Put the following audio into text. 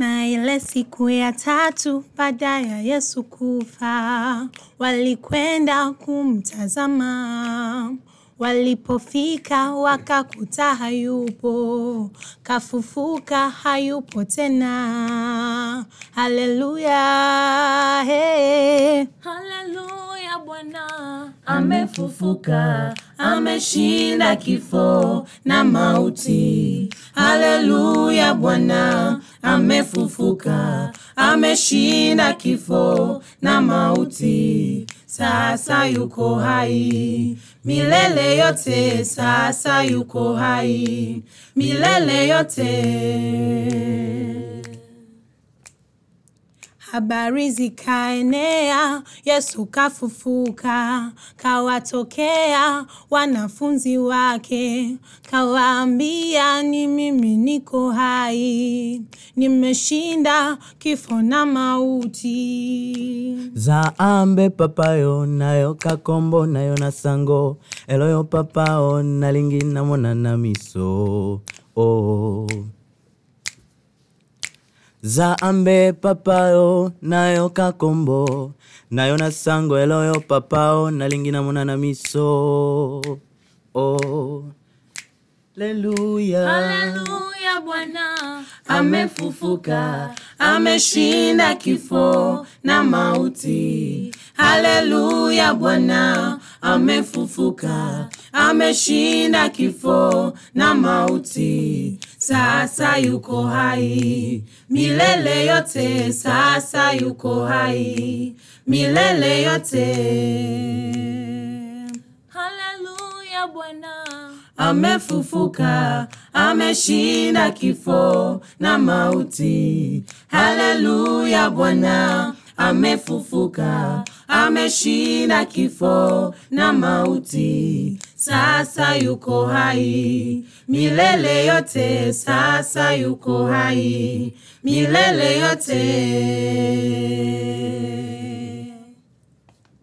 na ile siku ya tatu baada ya Yesu kufa, walikwenda kumtazama. Walipofika wakakuta hayupo, kafufuka, hayupo tena. Haleluya, hey. Haleluya, Bwana amefufuka, ameshinda kifo na mauti. Haleluya, Bwana amefufuka, ameshinda kifo na mauti, sasa yuko hai milele yote, sasa yuko hai milele yote. Habari zikaenea, Yesu kafufuka, kawatokea wanafunzi wake, kawaambia ni mimi niko hai, nimeshinda kifo na mauti. Zaambe papayo nayo kakombo nayo na sango eloyo papao nalingi lingi namona na miso oh. za ambe papa yo nayoka kombo na yo na sango elo yo papa o nalingi namona na miso o oh. leluya aleluya bwana amefufuka ameshinda kifo na mauti haleluya bwana amefufuka ameshinda kifo na mauti sasa yuko hai milele yote, sasa yuko hai milele yote. Haleluya, Bwana amefufuka, ameshinda kifo na mauti. Haleluya, Bwana amefufuka, ameshinda kifo na mauti, sasa yuko hai milele yote, sasa yuko hai milele yote.